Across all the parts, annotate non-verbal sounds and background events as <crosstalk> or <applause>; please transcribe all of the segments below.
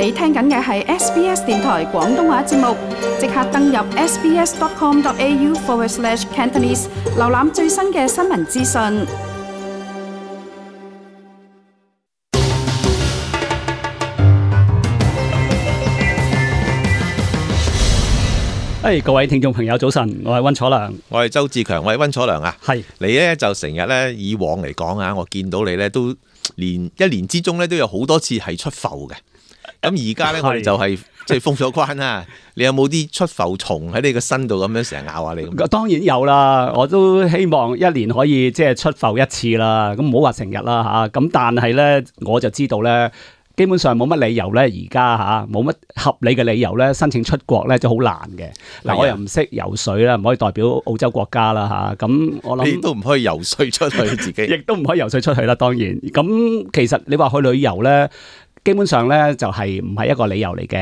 你聽緊嘅係 SBS 電台廣東話節目，即刻登入 sbs.com.au/cantonese 瀏覽最新嘅新聞資訊。誒，hey，各位聽眾朋友，早晨，我係溫楚良，我係周志強，我係溫楚良啊。係是你咧，就成日咧，以往嚟講啊，我見到你咧，都連一年之中咧都有好多次係出埠嘅。咁而家咧，我哋就係即係封咗關啦。 <laughs> 你有冇啲出埠蟲喺你個身度咁樣成日咬下你咁？當然有啦，我都希望一年可以即係出埠一次啦。咁唔好話成日啦吓。咁但係咧，我就知道咧，基本上冇乜理由咧，而家吓冇乜合理嘅理由咧，申請出國咧就好難嘅。嗱的，我又唔識游水啦，唔可以代表澳洲國家啦吓。咁我諗你都唔可以游水出去自己，亦都唔可以游水出去啦。當然，咁其實你話去旅遊咧。基本上咧就係唔係一個理由嚟嘅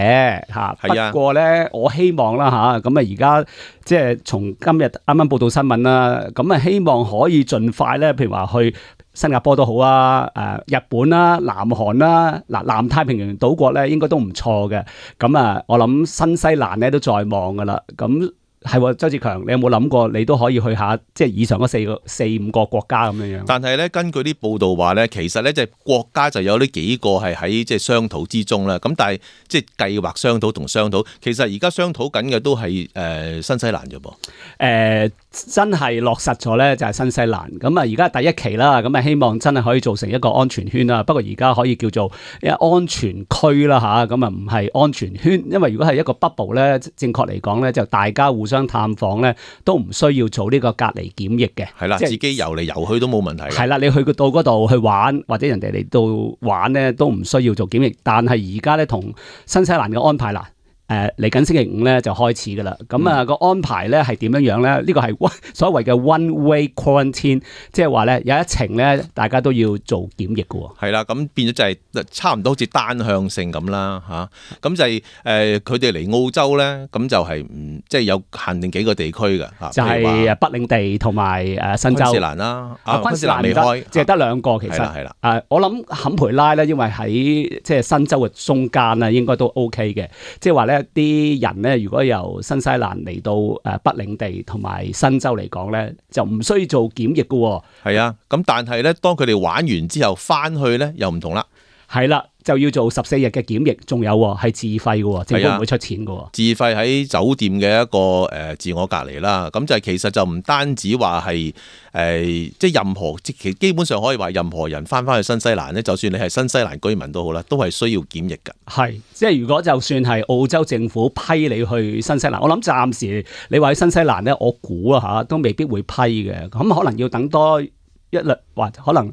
吓，啊、不過咧我希望啦吓，咁啊而家即係從今日啱啱報道新聞啦，咁啊希望可以盡快咧，譬如話去新加坡都好啊，誒日本啦、啊、南韓啦、啊、嗱南太平洋島國咧，應該都唔錯嘅。咁啊，我諗新西蘭咧都在望噶啦，咁、啊。係周志強，你有冇諗過你都可以去下即係以上四個四五個國家咁樣樣？但係咧，根據啲報道話咧，其實咧即係國家就有呢幾個係喺即係商討之中啦。咁但係即係計劃商討同商討，其實而家商討緊嘅都係誒、呃、新西蘭啫噃。誒、呃。真係落實咗呢，就係新西蘭。咁啊，而家第一期啦，咁啊，希望真係可以做成一個安全圈啦。不過而家可以叫做安全區啦，嚇。咁啊，唔係安全圈，因為如果係一個 bubble 呢，正確嚟講呢，就大家互相探訪呢，都唔需要做呢個隔離檢疫嘅。係啦的，是自己遊嚟遊去都冇問題。係啦，你去到嗰度去玩，或者人哋嚟到玩呢，都唔需要做檢疫。但係而家呢，同新西蘭嘅安排啦。誒嚟緊星期五咧就開始㗎啦，咁啊個、啊、安排咧係點樣樣咧？呢個係所謂嘅 one way quarantine，即係話咧有一程咧，大家都要做檢疫㗎喎。係啦、嗯，咁、啊、變咗就係差唔多好似單向性咁啦，嚇、啊。咁就係誒佢哋嚟澳洲咧，咁就係、是、唔即係有限定幾個地區㗎，嚇、啊。就係北領地同埋誒新州。昆士蘭啦、啊，啊昆士、啊、蘭未開，即係得兩個其實。係啦係啦，誒我諗堪培拉咧，因為喺即係新州嘅中間啊，應該都 OK 嘅，即係話咧。一啲人咧，如果由新西蘭嚟到誒北領地同埋新州嚟講咧，就唔需要做檢疫噶喎。係啊，咁但係咧，當佢哋玩完之後翻去咧，又唔同啦。係啦，就要做十四日嘅檢疫，仲有喎，係自費嘅，政府唔會出錢嘅。自費喺酒店嘅一個誒、呃、自我隔離啦，咁就其實就唔單止話係誒，即係任何，其基本上可以話任何人翻翻去新西蘭咧，就算你係新西蘭居民都好啦，都係需要檢疫噶。係，即係如果就算係澳洲政府批你去新西蘭，我諗暫時你話喺新西蘭咧，我估啊吓都未必會批嘅，咁可能要等多一兩或可能。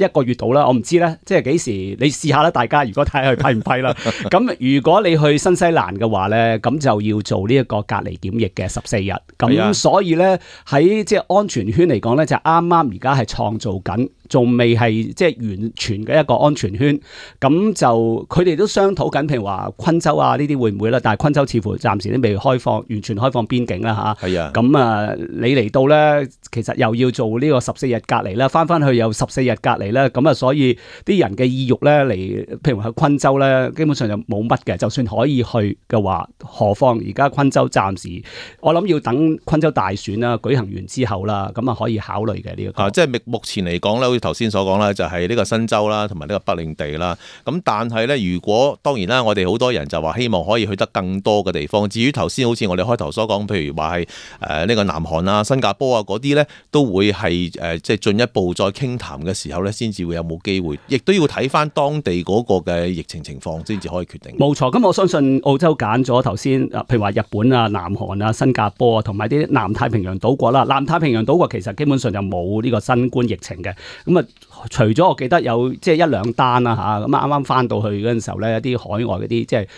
一個月到啦，我唔知咧，即係幾時你試下啦，大家如果睇下佢批唔批啦。咁 <laughs> 如果你去新西蘭嘅話咧，咁就要做呢一個隔離檢疫嘅十四日。咁所以咧，喺即係安全圈嚟講咧，就啱啱而家係創造緊。仲未係即係完全嘅一個安全圈，咁就佢哋都商討緊，譬如話昆州啊呢啲會唔會啦？但係昆州似乎暫時都未開放完全開放邊境啦吓，係啊的。咁啊，你嚟到咧，其實又要做呢個十四日隔離啦，翻翻去又十四日隔離啦，咁啊，所以啲人嘅意欲咧嚟，譬如去昆州咧，基本上就冇乜嘅。就算可以去嘅話，何況而家昆州暫時，我諗要等昆州大選啦舉行完之後啦，咁啊可以考慮嘅呢個。啊，即係目前嚟講咧。頭先所講啦，就係呢個新州啦，同埋呢個北領地啦。咁但係呢，如果當然啦，我哋好多人就話希望可以去得更多嘅地方。至於頭先好似我哋開頭所講，譬如話係誒呢個南韓啊、新加坡啊嗰啲呢，都會係誒即係進一步再傾談嘅時候呢，先至會有冇機會，亦都要睇翻當地嗰個嘅疫情情況先至可以決定。冇錯，咁我相信澳洲揀咗頭先，譬如話日本啊、南韓啊、新加坡啊，同埋啲南太平洋島國啦、啊。南太平洋島國其實基本上就冇呢個新冠疫情嘅。咁啊，除咗我記得有即係一兩單啦嚇，咁啊啱啱翻到去嗰陣時候咧，一啲海外嗰啲即係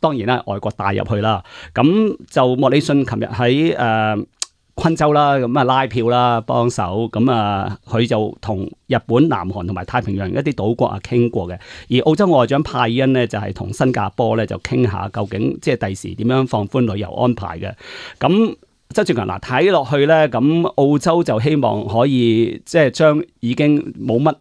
當然啦，外國帶入去啦。咁就莫里遜琴日喺誒昆州啦，咁啊拉票啦，幫手。咁啊，佢就同日本、南韓同埋太平洋一啲島國啊傾過嘅。而澳洲外長派恩呢，就係同新加坡咧就傾下究竟即係第時點樣放寬旅遊安排嘅。咁。周俊銀嗱睇落去咧，咁澳洲就希望可以即係將已經冇乜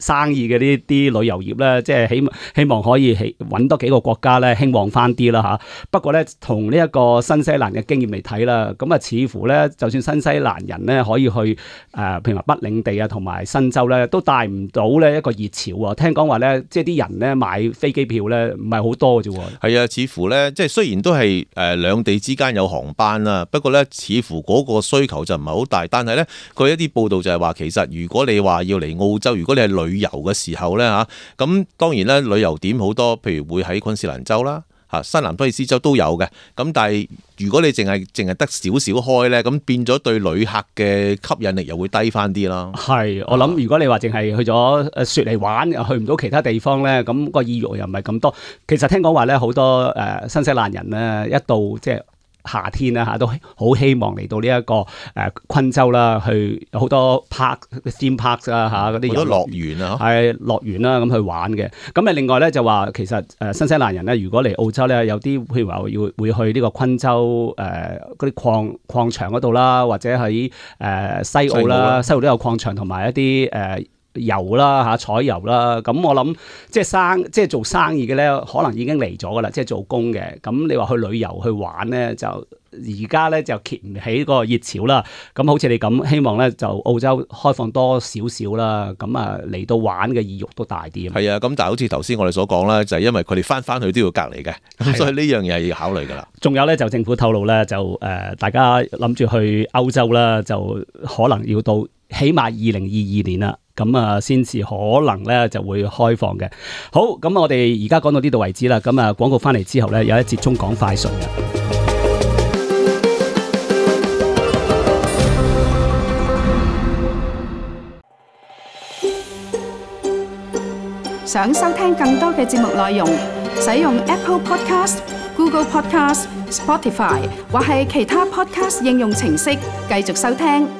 生意嘅呢啲旅遊業咧，即係希希望可以搵多幾個國家咧興旺翻啲啦吓。不過咧，同呢一個新西蘭嘅經驗嚟睇啦，咁啊似乎咧，就算新西蘭人咧可以去誒譬如話北領地啊同埋新州咧，都帶唔到咧一個熱潮啊。聽講話咧，即係啲人咧買飛機票咧唔係好多啫喎。係啊，似乎咧即係雖然都係誒、呃、兩地之間有航班啦，不過咧。似乎嗰個需求就唔係好大，但係呢，佢一啲報道就係話，其實如果你話要嚟澳洲，如果你係旅遊嘅時候、啊、呢，嚇，咁當然咧旅遊點好多，譬如會喺昆士蘭州啦，嚇、啊、新南威爾斯州都有嘅。咁、啊、但係如果你淨係淨係得少少開呢，咁變咗對旅客嘅吸引力又會低翻啲囉。係，我諗如果你話淨係去咗誒雪梨玩，又去唔到其他地方呢，咁、個意欲又唔係咁多。其實聽講話呢，好多誒、呃、新西蘭人呢，一到即係。夏天啦、啊、嚇，都好希望嚟到呢、這、一個誒昆、呃、州啦、啊，去好多 park theme park 啦、啊、嚇嗰、啊、啲遊樂園啊，係樂園啦、啊、咁去玩嘅。咁誒另外咧就話，其實誒、呃、新西蘭人咧，如果嚟澳洲咧，有啲譬如話要會去呢個昆州誒嗰啲礦礦場嗰度啦，或者喺誒、呃、西澳啦，西澳啦、西澳都有礦場同埋一啲誒。呃油啦嚇，採、啊、遊啦。咁我諗即係生即係做生意嘅咧，可能已經嚟咗噶啦。即係做工嘅，咁你話去旅遊去玩咧，就而家咧就揭唔起個熱潮啦。咁好似你咁，希望咧就澳洲開放多少少啦。咁啊嚟到玩嘅意欲都大啲。係啊，咁但係好似頭先我哋所講啦，就係、是、因為佢哋翻翻去都要隔離嘅，咁、啊、所以呢樣嘢係要考慮噶啦。仲有咧就政府透露咧，就誒、呃、大家諗住去歐洲啦，就可能要到起碼二零二二年啦。咁啊，先至可能咧就會開放嘅。好，咁我哋而家講到呢度為止啦。咁啊，廣告翻嚟之後咧，有一節中港快訊嘅。想收聽更多嘅節目內容，使用 Apple Podcast、Google Podcast、Spotify 或係其他 Podcast 應用程式，繼續收聽。